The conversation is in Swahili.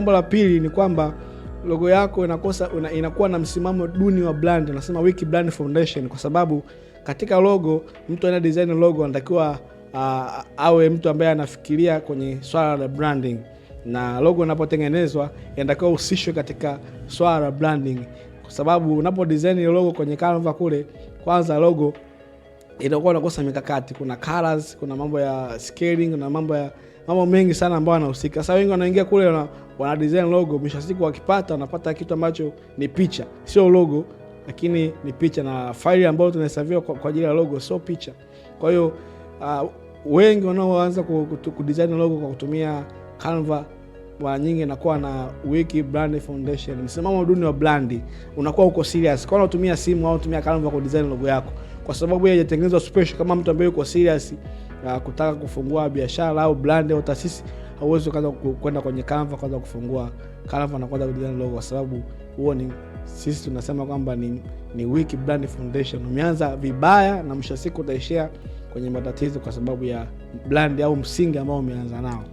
Jambo la pili ni kwamba logo yako inakosa una, inakuwa na msimamo duni wa brand, nasema weak brand foundation, kwa sababu katika logo mtu ana design logo anatakiwa uh, awe mtu ambaye anafikiria kwenye swala la branding, na logo inapotengenezwa inatakiwa uhusishwe katika swala la branding, kwa sababu unapo design logo kwenye Canva kule, kwanza logo inakuwa unakosa mikakati, kuna colors, kuna mambo ya scaling, na mambo ya mambo mengi sana ambayo yanahusika. Sasa wengi wanaingia kule wana design logo, mwisho wa siku wakipata wanapata kitu ambacho ni picha, sio logo, lakini ni picha, na faili ambayo tunahesabiwa kwa ajili ya logo, sio picha. Kwa hiyo uh, wengi wanaoanza kudesign logo kwa kutumia Canva mara nyingi inakuwa na wiki brand foundation, msimamo duni wa brandi unakuwa uko serious. Kwa unatumia simu au unatumia Canva kwa design logo yako, kwa sababu yeye hajatengenezwa special kama mtu ambaye yuko serious uh, kutaka kufungua biashara au brand au taasisi hauwezi kaanza kwenda kwenye kanva kwanza kufungua kanva na kwanza kudesign logo, kwa sababu huo ni sisi tunasema kwamba ni, ni wiki brand foundation. Umeanza vibaya na mwisho siku utaishia kwenye matatizo, kwa sababu ya brand au msingi ambao umeanza nao.